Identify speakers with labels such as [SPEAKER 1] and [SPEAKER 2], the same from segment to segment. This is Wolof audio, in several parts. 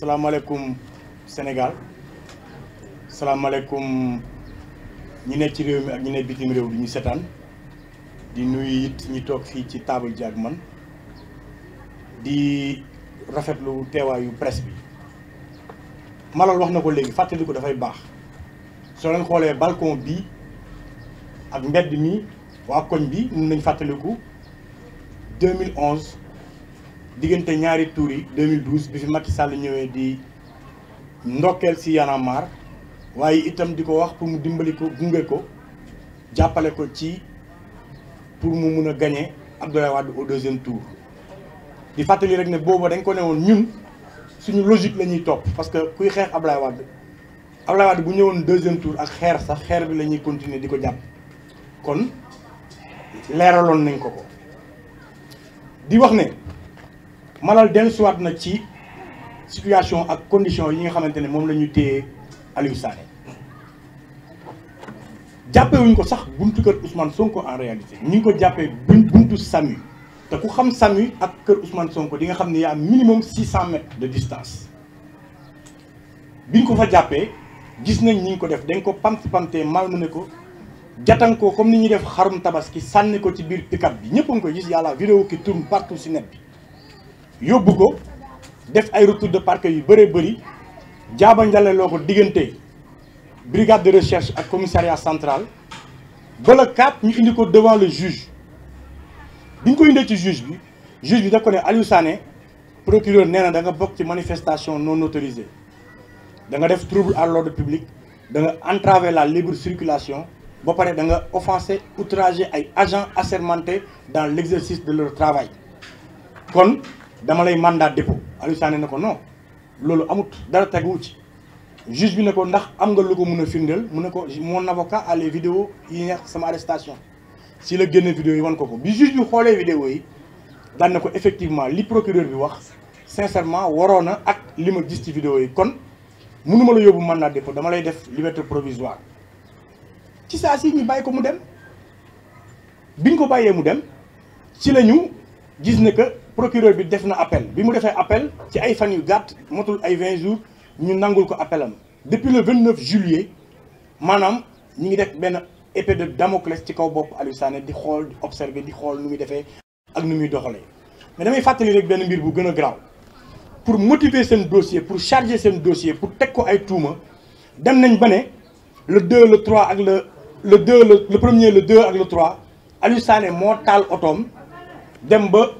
[SPEAKER 1] salaamaaleykum Sénégal salaamaaleykum ñi ne ci réew mi ak ñi ne bitim réew di ñu setaan di nuyu it ñi toog fii ci table ji ak man di rafetlu teewaayu presse bi Malal wax na ko léegi fàttali ko dafay baax soo leen xoolee balcon bi ak mbedd mi waa koñ bi mun nañ fàttaliku 2011 diggante ñaari tour yi 2012 bi fi Macky Sall ñëwee di ndokkeel si Y'en waaye itam di ko wax pour mu dimbali ko gunge ko jàppale ko ci pour mu mun a gagné Abdoulaye Wade au deuxième tour. di fàttali rek ne boobu dañ ko ne woon ñun suñu logique la ñuy topp parce que kuy xeex Abdoulaye Wade Abdoulaye Wade bu ñëwoon deuxième tour ak xeer sax xeer bi la ñuy continuer di ko jàpp kon leeraloon nañ ko ko di wax ne. malal dellusiwaat na ci situation ak condition yi nga xamante ne moom la ñu téye Aliou Sané jàppewuñ ko sax buntu kër Ousmane Sonko en réalité ñu ngi ko jàppee buntu SAMU te ku xam SAMU ak kër Ousmane Sonko di nga xam ne y a minimum six cent mètres de distance biñ ko fa jàppee gis nañ ni ñu ko def dañ ko pamt pamtee ne ko jatan ko comme ni ñu def xarum tabaski sànni ko ci biir pick bi ñëpp a ngi ko gis yàlla vidéo ki tourne partout si net bi yóbbu ko def ay retour de parquet yu bëree bëri jaaba njale loo ko diggante brigade de recherche ak commissariat central ba la kaat ñu indi ko devant le juge bi ñu ko indee ci juge bi juge bi daf ko ne Aliou Sané procureur nee na da nga bokk ci manifestation non autorisée da nga def trouble à l'ordre public da entraver la libre circulation ba pare da nga offensé outragé ay agents assermentés dans l'exercice de leur travail kon dama lay mandat dépôt Aliou Sané na ko non loolu amut dara teguwu ci juge bi ne ko ndax am nga lu ko mën a firndeel mu ne ko mon avocat a les vidéos yi ñeex sama arrestation si la génne vidéo yi wan ko ko bi juge bi xoolee vidéo yi daan na ko effectivement li procureur bi wax sincèrement waroon na ak li ma gis ci vidéo yi kon mënuma la yóbbu mandat dépôt dama lay def liberté provisoire ci saa si ñu bàyyi ko mu dem biñ ko bàyyee mu dem ci la ñu gis ne que procureur bi def na appel bi mu defee appel ci ay fan yu gàtt motul ay vingt jours ñu nangul ko appelam depuis le vingt neuf juillet maanaam ñi ngi def benn épée de Damoclès ci kaw bopp Aliou Sané di xool di di xool nu muy defee ak nu muy doxalee mais damay fàttali rek benn mbir bu gën a graaw pour motiver seen dossier pour charger seen dossier pour teg ko ay tuuma dem nañ ba ne le 2 le 3 ak le le le premier le 2 ak le 3 Aliou moo taal otoom dem ba.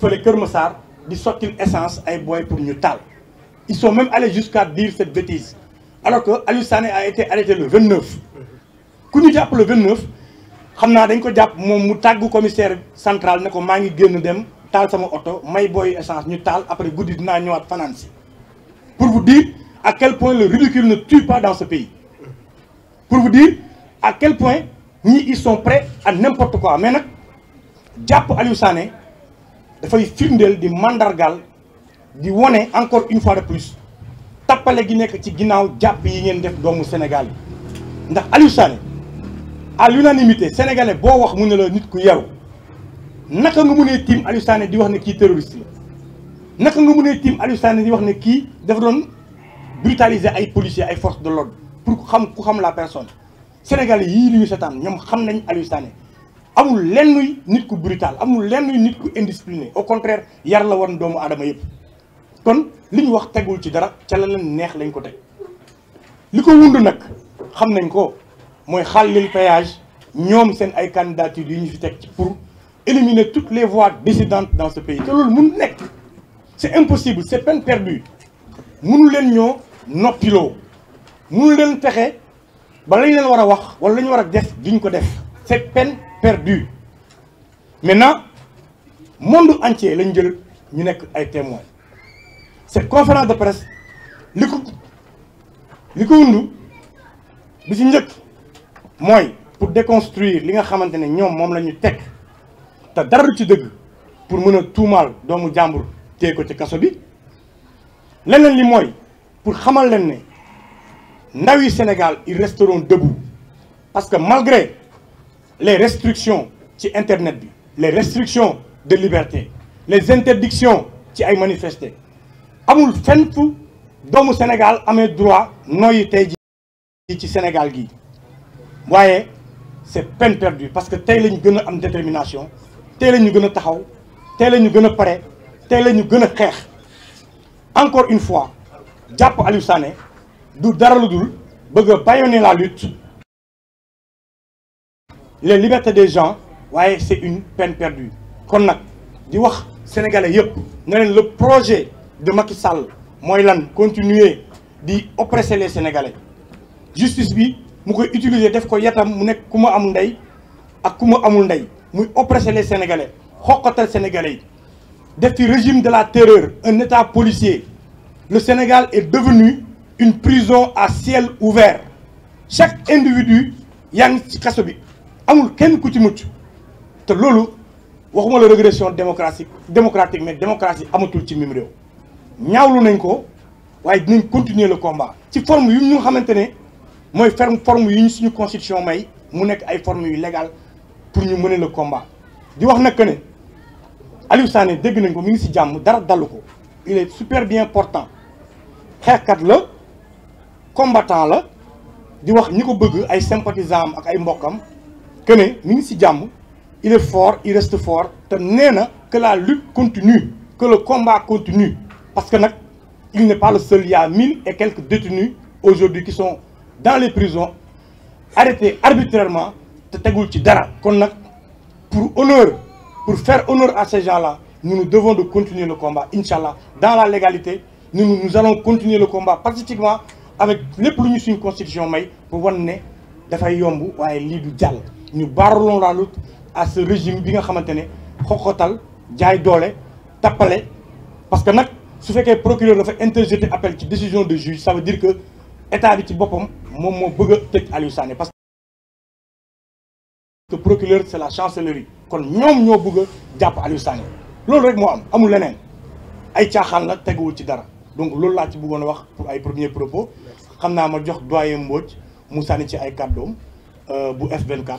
[SPEAKER 1] fële Kër Massar di sottil essence ay boy pour ñu taal ils sont même allés jusqu'à dire cette bêtise alors que Aliou Sané a été arrêté le 29 ku ñu jàpp le 29 xam naa dañ ko jàpp moom mu tàggu commissaire central ne ko maa ngi génn dem taal sama oto may booy essence ñu taal après guddi dinaa ñëwaat fanaan si pour vous dire à quel point le ridicule ne tue pas dans ce pays pour vous dire à quel point ñii ils sont prêts à n'importe quoi mais nag jàpp Aliou Sané dafay firndeel di mandargaal di wone encore une fois de plus tappale gi nekk ci ginnaaw jàpp yi ngeen def doomu Sénégal yi ndax Aliou Sané à l'unanimité sénégalais boo wax mu ne la nit ku yaru naka nga mënee tiim Aliou Sané di wax ne kii terroriste la naka nga mënee tiim Aliou Sané di wax ne kii dafa doon brutaliser ay policiers ay forces de l'ordre pour xam ku xam la personne sénégalais yii li ñu seetaan ñoom xam nañ Aliou Sané amul lennuy nit ku brutal amul lennuy nit ku indiscipliné au contraire yar la woon doomu aadama yëpp kon li ñu wax tegul ci dara ca la leen neex lañ ko teg li ko wund nag xam nañ ko mooy xàllil péage ñoom seen ay candidature yi ñu fi teg ci pour éliminer toutes les voies dissidentes dans ce pays te loolu mun nekk c'est impossible c'est peine perdue munu leen ñoo noppiloo munu leen fexe ba lañ leen war a wax wala la ñu war a def duñ ko def c'est peine perdu maintenant monde entier lañ jël ñu nekk ay témoins cette conférence de presse li ko li ko wundu bi ci njëkk mooy pour déconstruire li nga xamante ne ñoom moom la ñu teg te dara du ci dëgg pour mën a tuumaal doomu jàmbur téye ko ci kaso bi leneen li mooy pour xamal leen ne ndaw yi Sénégal ils resteront debout parce que malgré les restrictions ci internet bi les restrictions de liberté les interdictions ci ay manifester amul fenn fu doomu Sénégal amee droit nooyi tey ji ci Sénégal gi waaye c'est peine perdue parce que tey la ñu gën a am détermination tey la ñu gën a taxaw tey la ñu gën a pare tey la ñu gën a xeex encore une fois jàpp Aliou Sané du dara lu dul bëgg a la lutte les libertés des gens waaye c'est une peine perdue kon nag di wax sénégalais yëpp ne leen le projet de Macky Sall mooy lan continuer di oppresser les sénégalais justice bi mu koy utiliser def ko yatam mu nekk ku ma am ndey ak ku ma amul ndey muy oppresser les sénégalais xoqatal sénégalais yi def ci régime de la terreur un état policier le Sénégal est devenu une prison à ciel ouvert chaque individu yaa ci kaso bi amul kenn ku ci mucc te loolu waxuma la régression démocratique démocratique mais démocratie amatul ci mim réew ñaawlu nañ ko waaye dinañ continuer le combat ci forme yu ñu xamante ne mooy ferme forme yu ñu suñu constitution may mu nekk ay forme yu légal pour ñu mënee le combat di wax nag ne Aliou Sané dégg nañ ko mi ngi si jàmm dara dalu ko il est super bien portant xeexkat la combattant la di wax ñi ko bëgg ay sympathisants am ak ay mbokkam que ne mi ngi si jàmm il est fort il reste fort te nee na que la lutte continue que le combat continue parce que nag il n'est pas le seul il y mille et quelques détenus aujourd'hui qui sont dans les prisons arrêtés arbitrairement te tegul ci dara kon nag pour honneur pour faire honneur à ces gens-là nous nous devons de continuer le combat incha allah dans la légalité nous nous allons continuer le combat pacifiquement avec lépp lu ñu suñu constitution may pour wan ne dafay yomb lii du jàll ñu baaraloon la lutte à ce régime bi nga xamante ne xoxotal jaay doole tappale parce que nag su fekkee procureur dafa interjeté appel ci décision de juge ça veut dire que état bi ci boppam moom moo bëgg teg tëj Aliou parce que procureur c'est la chancellerie kon ñoom ñoo bëgg jàpp Aliou Sané loolu rek moo am amul leneen ay caaxaan la teguwul ci dara donc loolu laa ci bëggoon a wax pour ay premiers propos xam naa ma jox doyen Mbodj mu sànni ci ay kàddoom euh, bu F24